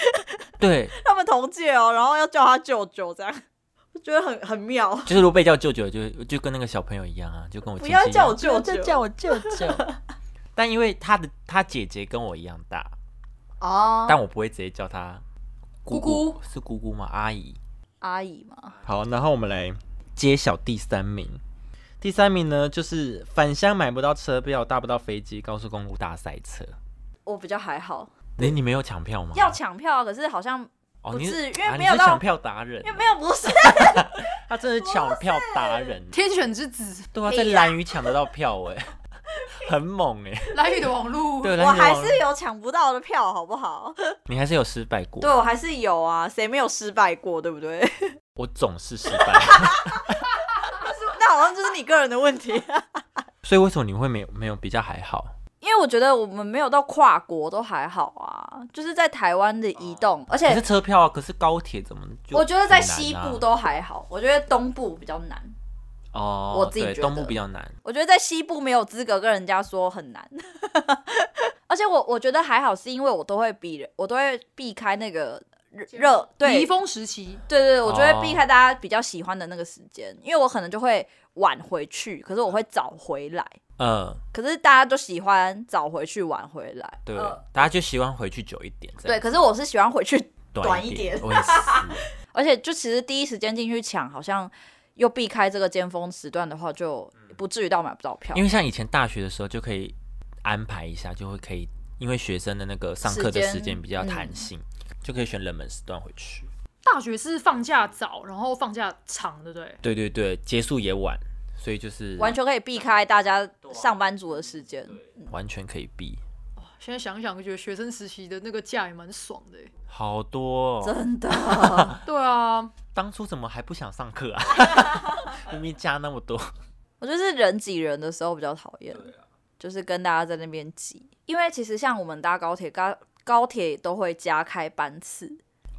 對， 他們同屆哦，然後要叫他舅舅，這樣我覺得很很妙。就是如果被叫舅舅就，就就跟那個小朋友一樣啊，就跟我啊、不要叫我舅舅，就叫，就叫我舅舅。 但因為他的他姐姐跟我一樣大，哦、啊，但我不會直接叫她姑姑，姑姑是姑姑嗎？阿姨，阿姨嗎？好，然後我們來揭曉第三名。第三名呢，就是返鄉買不到車票，搭不到飛機，高速公路大賽車。我比較還好，你、欸、你沒有搶票嗎？要搶票啊！可是好像不是，哦、你因為沒有搶、啊、票達人、啊，因為沒有不是， 他真的是搶票達人，天選之子，對啊，在藍魚搶得到票、欸、哎呀。 很猛哎、欸，藍雨的網路，對，網路我還是有搶不到的票，好不好？你還是有失敗過，對我還是有啊，誰沒有失敗過，對不對？我總是失敗 但是，那好像就是你個人的問題、啊，所以為什麼你會沒有沒有比較還好？因為我覺得我們沒有到跨國都還好啊，就是在台灣的移動，而且是車票啊，可是高鐵怎麼？我覺得在西部都還好，啊、我覺得東部比較難。哦，oh, 我自己覺得東部比較難。我覺得在西部沒有資格跟人家說很難， 而且我我覺得還好，是因為我都會避我都會避開那個熱、就是、對，移風時期，對，對對，我覺得避開大家比較喜歡的那個時間，oh. 因為我可能就會晚回去，可是我會早回來。嗯，uh. 可是大家都喜歡早回去晚回來，對，uh. 大家就喜歡回去久一點，對，可是我是喜歡回去短一點，一點 而且就其實第一時間進去搶好像。又避開這個尖峰時段的話，就不至於到買不到票。因為像以前大學的時候，就可以安排一下，就會可以，因為學生的那個上課的時間比較彈性，就可以選冷門時段回去。嗯、大學是放假早，然後放假長，對不對？對對對，結束也晚，所以就是完全可以避開大家上班族的時間，完全可以避。現在想想，覺得學生實習的那個假也蠻爽的。好多，真的，對啊。當初怎麼還不想上課啊？明明加那麼多。我就是人擠人的時候比較討厭。對啊。就是跟大家在那邊擠，因為其實像我們搭高鐵，高高鐵都會加開班次。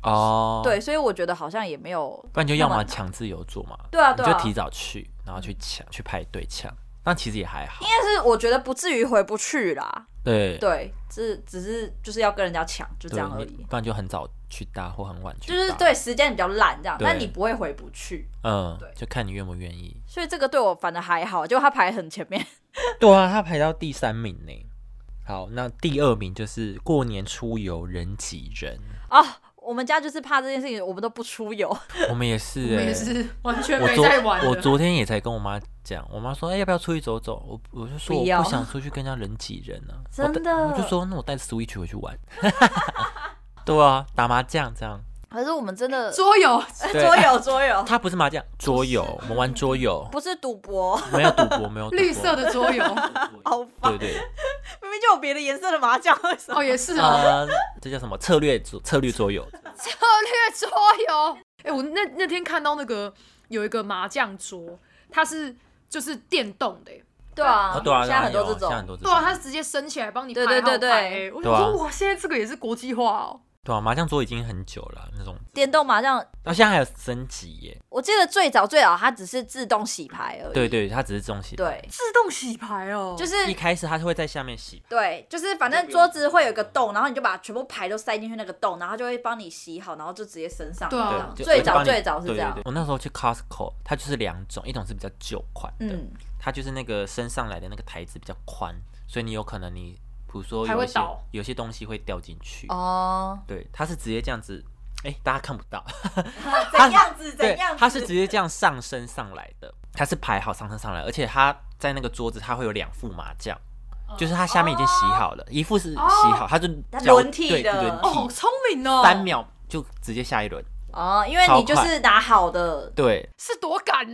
哦。對，所以我覺得好像也沒有。不然就要麼搶自由座嘛。對啊對啊。就提早去，然後去搶，去排隊搶。那其實也還好。應該是，我覺得不至於回不去啦。對對，是只是，就是要跟人家搶，就這樣而已。不然就很早去搭或很晚去，就是對時間比較爛這樣，對但你不會回不去。嗯，對，就看你願不願意。所以這個對我反正還好，就他排很前面。對啊，他排到第三名呢。好，那第二名就是過年出遊人擠人啊。哦。我們家就是怕這件事情，我們都不出遊。我們也是、欸， 我們也是完全沒在玩。我昨，我昨天也才跟我媽講，我媽說：“哎、欸，要不要出去走走？”我我就說：“我不想出去跟人擠人啊！”真的我，我就說：“那我帶 Switch 回去玩。 ”對啊，打麻將這樣。還是我們真的桌遊，桌遊，桌遊。它不是麻將，桌遊，我們玩桌遊，不是賭博，沒有賭博，沒有。綠色的桌遊，好棒。對對。明明就有別的顏色的麻將。哦，也是啊。這叫什麼策略？策略桌遊。策略桌遊。哎，我那那天看到那個有一個麻將桌，它是就是電動的。對啊。現在很多這種。對啊，它是直接升起來幫你排好牌。對對對對。哇，現在這個也是國際化哦。對啊，麻將桌已經很久了，那種電動麻將到、啊、現在還有升級耶。我記得最早最早它只是自動洗牌而已。對，對對，它只是自動洗牌。對，自動洗牌哦、喔，就是一開始它會在下面洗牌。對，就是反正桌子會有個洞，然後你就把全部牌都塞進去那個洞，然後它就會幫你洗好，然後就直接升上來。對、啊、對，最早最早對對對，是這樣對對對。我那時候去 Costco，它就是兩種，一種是比較舊款的，嗯、它就是那個升上來的那個台子比較寬，所以你有可能你。比如說有一些有些東西會掉進去哦，對，它是直接這樣子，欸，大家看不到，怎樣子怎樣，它是直接這樣上升上來的，它是排好上升上來，而且它在那個桌子，它會有兩副麻將，就是它下面已經洗好了，一副是洗好，它就輪替的，哦，好聰明哦，三秒就直接下一輪哦，因為你就是拿好的，對，是多趕吶，真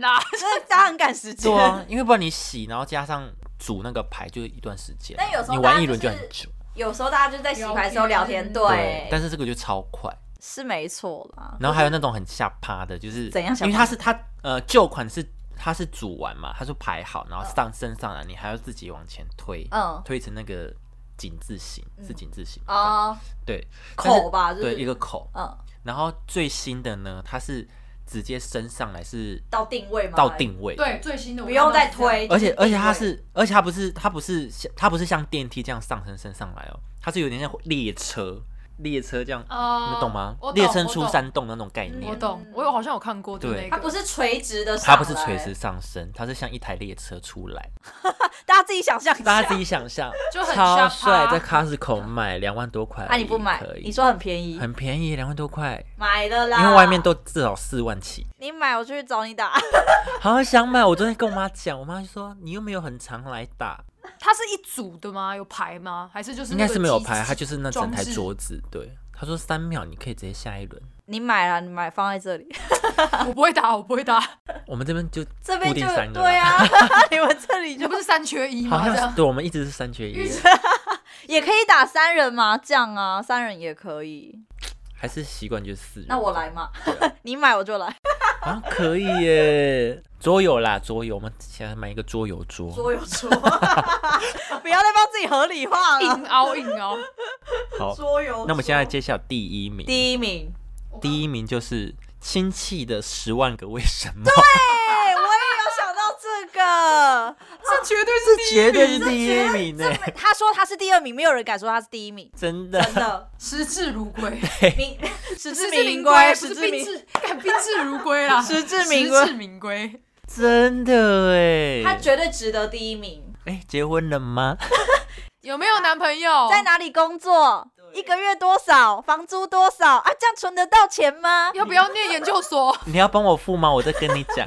的大家很趕時間，對啊，因為不然你洗然後加上。組那個牌就是一段時間，但有時候你玩一輪就很久。有時候大家就在洗牌的時候聊天，對。但是這個就超快，是沒錯啦。然後還有那種很下趴的，就是怎樣？因為它是它呃舊款是它是組完嘛，它就排好，然後上升上來，你還要自己往前推，推成那個井字形，是井字形啊。對，口吧，對一個口，嗯。然後最新的呢，它是。直接升上來是到定位嗎？到定位對，對最新的，我的不用再推。就是、而且而且它是，而且它不是它不是它不，不是像電梯這樣上升升上來哦，它是有點像列車。列車這樣，uh, 你們懂嗎？懂列車出山洞的那種概念我，我懂。我有好像有看過、那個、對，它不是垂直的上，它不是垂直上升，它是像一台列車出來。 大家自己想象。大家自己想象， 就很帥。在 Costco 買兩萬多塊，那、啊、你不買可以？你說很便宜，很便宜，兩萬多塊買的啦。因為外面都至少四萬起。你買，我出去找你打。 好、啊、想買，我昨天跟我媽講，我媽就說你又沒有很常來打。它是一組的嗎？有牌嗎？還是就是，那應該是沒有牌，它就是那整台桌子。飾對，他說三秒，你可以直接下一輪。你買啦，你買放在這裡。 我不會打，我不會打。我們這邊就定這邊就對啊， 你們這裡就不是三缺一嗎？好像樣對，我們一直是三缺一。 也可以打三人麻將啊，三人也可以。還是習慣就是，那我來嘛，對你買我就來。啊，可以耶！桌遊啦，桌遊，我們現在買一個桌遊桌。桌遊桌， 不要再幫自己合理化硬凹，硬凹，in all in all. 好桌遊。那我們現在來介紹第一名。第一名，第一名就是親戚的十萬個為什麼。對。這個，這絕對是絕對是第一名的。他說他是第二名，沒有人敢說他是第一名。真的，真的，實至如歸，實至名歸，實至名，賓至如歸啦，實至名歸，真的哎，他絕對值得第一名。結婚了嗎？有沒有男朋友？在哪裡工作？一個月多少？房租多少？啊，這樣存得到錢嗎？要不要念研究所？你要幫我付嗎？我在跟你講。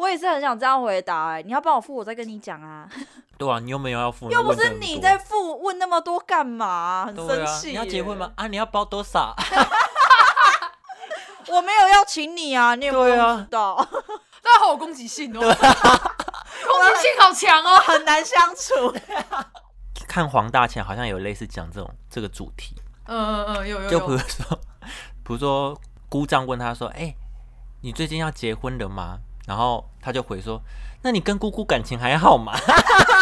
我也是很想這樣回答，哎，你要幫我付，我再跟你講啊。對啊，你又沒有要付，又不是你在付，問那麼多幹嘛？很生氣，你要結婚嗎？啊，你要包多少？我沒有要請你啊，你有沒有知道，但好有攻擊性哦，攻擊性好強哦，很難相處。看黃大謙好像有類似講這種這個主題，嗯嗯嗯，有有，就比如說，比如說姑丈問他說：“哎，你最近要結婚了嗎？”然後他就回說：“那你跟姑姑感情還好嗎？” 對對對，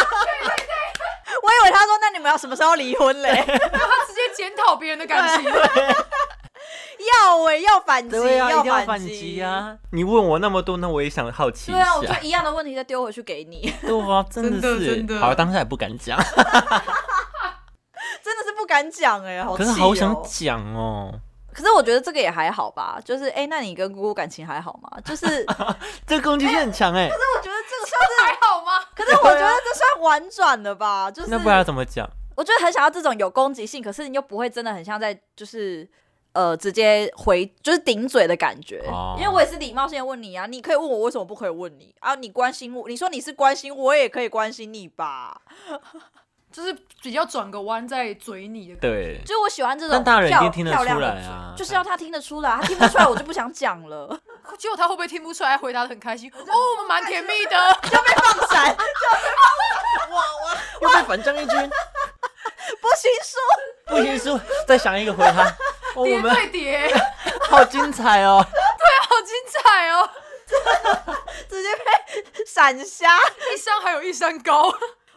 我以為他說：“那你們要什麼時候離婚嘞？”對他直接檢討別人的感情，哈要哎，要反擊，要反擊啊！你問我那麼多，那我也想好奇一下。對啊，我就一樣的問題再丟回去給你。 對啊，真的是，好像好，當下也不敢講， 真的是不敢講哎、欸，好哦，可是好想講哦。可是我覺得這個也還好吧，就是哎、欸，那你跟姑姑感情還好嗎？就是 這攻擊性很強哎、欸欸。可是我覺得這個算是 還好嗎？可是我覺得這算婉轉的吧？就是那不然怎麼講？我覺得很想要這種有攻擊性，可是你又不會真的很像在就是呃直接回就是頂嘴的感覺。哦、因為我也是禮貌性的問你啊，你可以問我為什麼不可以問你啊？你關心我，你說你是關心我，也可以關心你吧。 就是比較轉個彎在嘴裡的感覺，對，就我喜歡這種。但大人聽得出來啊，就是要他聽得出來，他聽不出來我就不想講了。結果他會不會聽不出來？回答得很開心，哦，我們蠻甜蜜的，要被放閃，要被放閃，哇哇哇，又被反將一軍，不行輸，不行輸，再想一個回答，疊對疊，好精彩哦，對，好精彩哦，直接被閃瞎，一山還有一山高。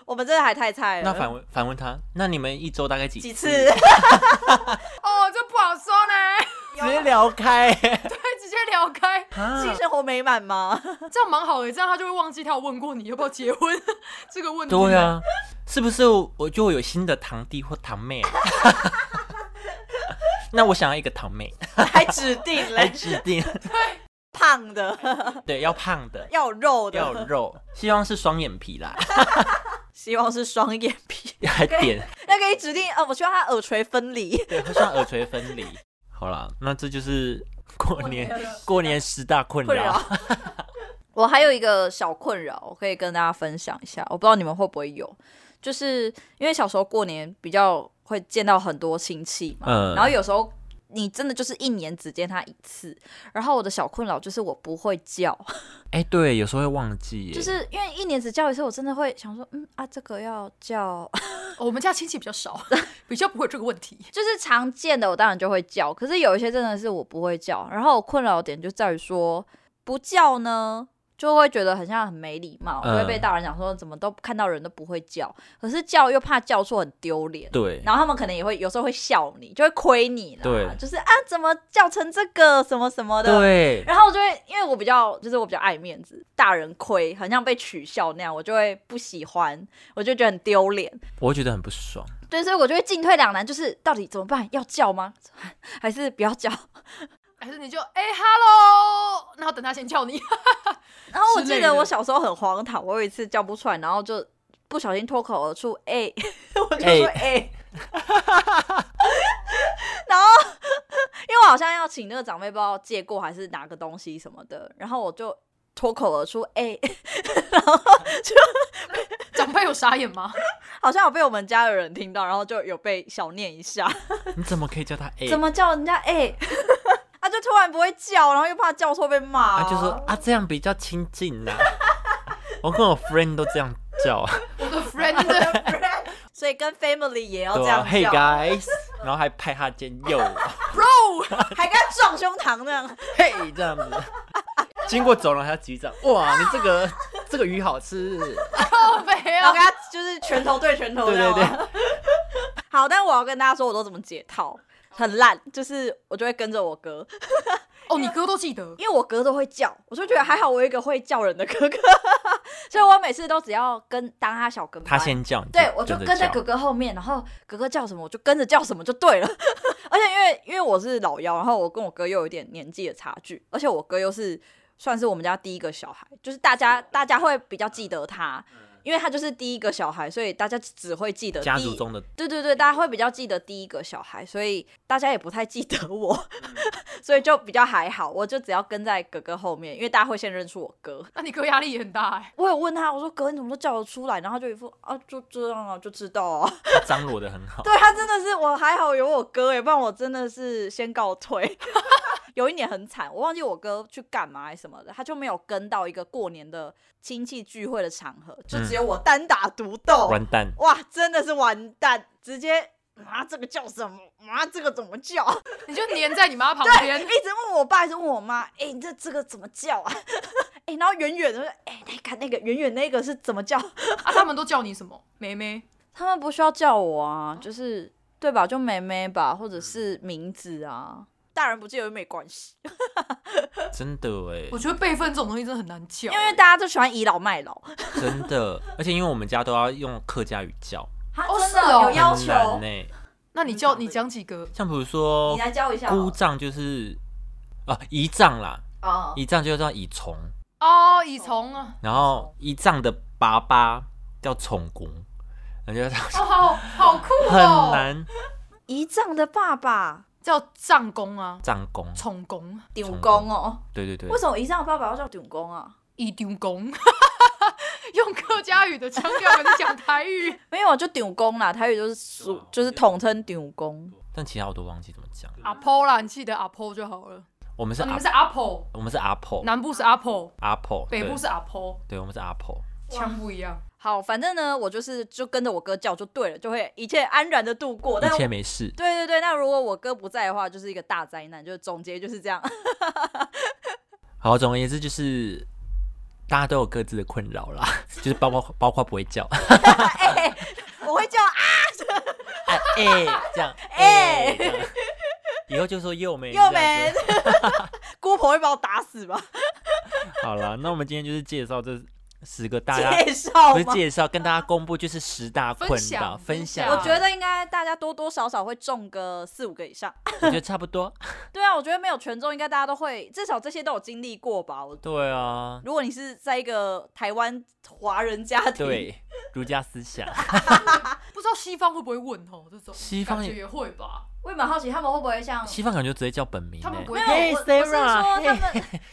我們真的還太菜了。那反問反問他，那你們一周大概幾幾次？哦，這不好說呢。直接聊開。對，直接聊開。性生活美滿嗎？這樣蠻好的，這樣他就會忘記他問過你要不要結婚這個問題。對啊，是不是我就會有新的堂弟或堂妹？那我想要一個堂妹，還指定，來指定，胖的，對，要胖的，要肉的，要肉，希望是雙眼皮啦。希望是雙眼皮，還點可那可以指定、哦、我希望他耳垂分離，對，他算耳垂分離。 好啦，那這就是過年過年十大困擾。 我還有一個小困擾，我可以跟大家分享一下。我不知道你們會不會有，就是因為小時候過年比較會見到很多親戚嘛，嗯、然後有時候。你真的就是一年只見他一次，然後我的小困擾就是我不會叫。哎，對，有時候會忘記，就是因為一年只叫一次，我真的會想說，嗯，啊，這個要叫。哦，我們家親戚比較少， 比較不會有這個問題。就是常見的，我當然就會叫，可是有一些真的是我不會叫。然後我困擾點就在於說，不叫呢？就會覺得很像很沒禮貌，呃、就會被大人講說，怎麼都看到人都不會叫？可是叫又怕叫錯很丟臉。對，然後他們可能也會有時候會笑你，就會虧你啦。對，就是啊，怎麼叫成這個什麼什麼的。對。然後我就會，因為我比較就是我比較愛面子，大人虧，好像被取笑那樣，我就會不喜歡，我就覺得很丟臉。我會覺得很不爽。對，所以我就會進退兩難，就是到底怎麼辦？要叫嗎？ 還是不要叫？還是你就哎、欸、，hello，然後等他先叫你。 然後我記得我小時候很荒唐，我有一次叫不出來，然後就不小心脫口而出哎，欸、 我就說哎、欸欸、 然後因為我好像要請那個長輩，不知道借過還是拿個東西什麼的，然後我就脫口而出哎，欸、 然後就長輩有傻眼嗎？好像有被我們家的人聽到，然後就有被小念一下。你怎麼可以叫他哎、欸、怎麼叫人家哎、欸。突然不會叫，然後又怕叫錯被罵、啊，他就說啊這樣比較親近吶、啊。 我跟我 friend 都這樣叫，啊。我的 friend 都這樣叫， 所以跟 family 也要這樣叫、啊、 Hey guys，然後還拍他肩，又，Bro, 還跟他撞胸膛那樣。嘿，Hey 這樣子，經過走廊還要舉掌，哇！你這個 這個魚好吃，好肥哦！我跟他就是拳頭對拳頭， 對對對。好，但我要跟大家說，我都怎麼解套。很爛，就是我就會跟着我哥。 哦，為你哥都記得，因為我哥都會叫，我就覺得還好，我有一個會叫人的哥哥， 所以我每次都只要跟當他小跟班，他先叫你，對，我就跟在哥哥後面，然後哥哥叫什麼，我就跟着叫什麼就對了。 而且因為因為我是老幺，然後我跟我哥又有點年紀的差距，而且我哥又是算是我們家第一個小孩，就是大家大家會比較記得他。因為他就是第一個小孩，所以大家只會記得，家族中的對對對，大家會比較記得第一個小孩，所以大家也不太記得我，嗯、 所以就比較還好。我就只要跟在哥哥後面，因為大家會先認出我哥。那、啊、你哥壓力也很大哎。我有問他，我說，哥你怎麼都叫得出來？然後他就一副啊就這樣啊就知道啊，張羅的很好。 對他真的是我還好有我哥哎、欸，不然我真的是先告退。 有一年很慘，我忘記我哥去幹嘛還是什麼的，他就沒有跟到一個過年的親戚聚會的場合，就只有我單打獨鬥。嗯、完蛋！哇，真的是完蛋！直接，媽，這個叫什麼？媽，這個怎麼叫？你就黏在你媽旁邊，一直問我爸還是問我媽？哎、欸，你這這個怎麼叫啊？哎、欸，然後遠遠的，哎、欸、那個那個遠遠那個是怎麼叫啊？他們都叫你什麼？妹妹，他們不需要叫我啊，就是對吧？就妹妹吧，或者是名字啊。大人不教又沒關係，真的哎。我覺得輩分這種東西真的很難教，因為大家都喜歡倚老賣老。真的，而且因為我們家都要用客家語教，哦，是哦，有要求。那你教你講幾個？像比如說，你來教一下。姑丈就是啊，姨丈啦，哦，姨丈就叫姨蟲。哦，姨蟲啊。然後姨丈的爸爸叫蟲公，感他。哦，好酷哦，很難。姨丈的爸爸。叫藏公啊，藏公、重公、頂公哦，對對對。為什麼一張爸爸要叫頂公啊？一張公。用客家語的腔調跟你講台語，沒有就頂公啦。台語就是屬，就是統稱頂公。但其他我都忘記怎麼講了。阿婆啦，你記得阿婆就好了。我們是，我們是阿婆，我們是阿婆，南部是阿婆，阿婆，北部是阿婆，對，我們是阿婆，腔不一樣。好，反正呢，我就是就跟着我哥叫就對了，就會一切安然的度過，一切沒事。對對對，那如果我哥不在的話，就是一個大災難。就是總結就是這樣。 好，總而言之就是大家都有各自的困擾啦，就是包括 包括不會叫。 欸、我會叫啊。哎、 啊欸、這樣哎，以後就說又沒又沒姑婆會把我打死吧。 好了，那我們今天就是介紹這。十個大家，介紹，不是介紹，跟大家公布就是十大困擾。分享，分享。我覺得應該大家多多少少會中個四五個以上。我覺得差不多。 對啊，我覺得沒有全中，應該大家都會，至少這些都有經歷過吧。我。對啊，如果你是在一個台灣華人家庭，對儒家思想， 不知道西方會不會問哦？這種西方也會吧。我也蠻好奇他們會不會像西方，感覺直接叫本名。他們不會。沒有，我是說他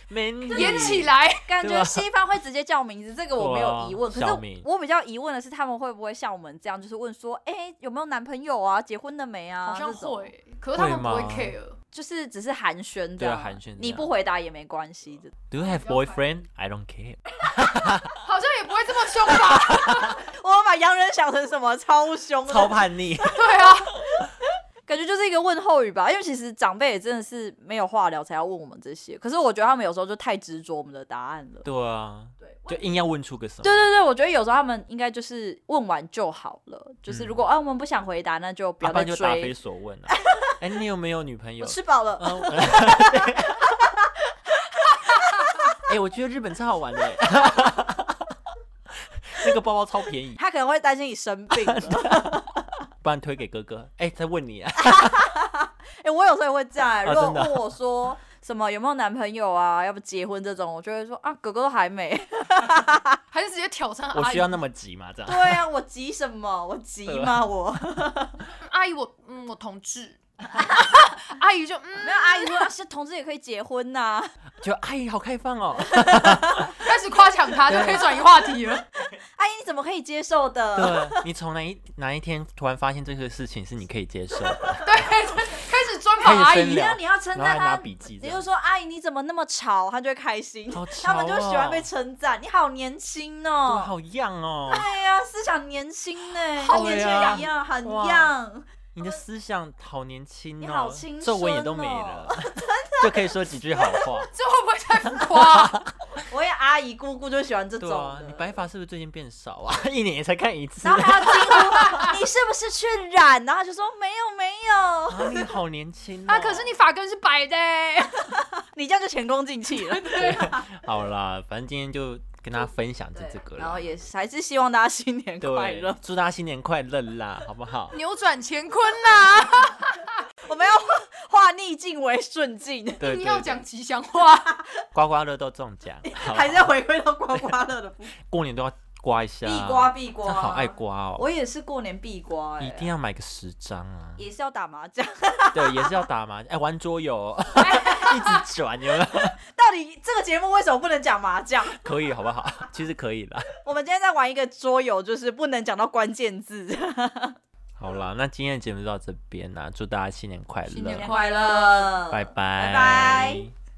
們演起來，感覺西方會直接叫名字，這個我沒有疑問。可是我比較疑問的是，他們會不會像我們這樣，就是問說，哎，有沒有男朋友啊？結婚了沒啊？好像會。可是他們不會 care，就是只是寒暄的。對啊，寒暄。你不回答也沒關係。Do you have boyfriend? I don't care。好像也不會這麼凶吧？我要把洋人想成什麼？超凶啊！超叛逆。對啊。感覺就是一個問候語吧，因為其實長輩也真的是沒有話聊才要問我們這些。可是我覺得他們有時候就太執着我們的答案了。對啊，對，就硬要問出個什麼。對對對，我覺得有時候他們應該就是問完就好了。就是如果、嗯、啊我們不想回答，那就不要。要不然就答非所問啊！哎、 欸，你有沒有女朋友？吃飽了。哎、 欸，我覺得日本超好玩的。這 個包包超便宜。他可能會擔心你生病了。 不然推給哥哥，哎、欸，再問你啊。哎、 欸，我有時候也會這樣、欸、如果問我說什麼有沒有男朋友啊，要不結婚這種，我就會說啊，哥哥都還沒， 還是直接挑戰阿姨。我需要那麼急嗎？這樣？對啊，我急什麼？我急嗎？我吧 阿姨我，我嗯，我同志。 阿姨就嗯 沒有，阿姨說，是同志也可以結婚吶、啊。就 阿姨好開放哦， 開始誇獎他就可以轉移話題了。 阿姨，你怎麼可以接受的？對你從哪一哪一天突然發現這個事情是你可以接受的？ 對，開始裝好阿姨，然後你要稱讚他，你就說：“阿姨，你怎麼那麼吵？”他就會開心。好吵、喔、他們就喜歡被稱讚。你好年輕哦、喔，好樣哦、喔！哎呀，思想年輕呢。好、啊、年輕一樣，很樣。你的思想好年輕哦，皺紋、哦、也都沒了，哦、真的 就可以說幾句好話，這會 不會太誇？ 我也阿姨姑姑就喜歡這種。對啊，你白髮是不是最近變少啊？ 一年也才看一次。然後還要驚呼 你是不是去染、啊？然後就說沒有沒有、啊。你好年輕、哦、 啊！可是你髮根是白的、欸， 你這樣就前功盡棄了。 對、啊， 好啦，反正今天就。跟大家分享這支歌，然後也是還是希望大家新年快樂，祝大家新年快樂啦， 好不好？扭轉乾坤啦！ 我們要化逆境為順境，對對對，一定要講吉祥話， 刮刮樂都中獎， 好好，還是要回歸到刮刮樂的 過年都要。刮一下，必刮必刮，啊，他好愛刮哦！我也是過年必刮，哎，一定要買個十張啊！也是要打麻將， 對，也是要打麻將，哎，欸，玩桌遊，一直轉，你們到底這個節目為什麼不能講麻將？ 可以，好不好？其實可以的。 我們今天在玩一個桌遊，就是不能講到關鍵字。 好啦，那今天的節目就到這邊啦。祝大家新年快樂，新年快樂，拜拜，拜拜。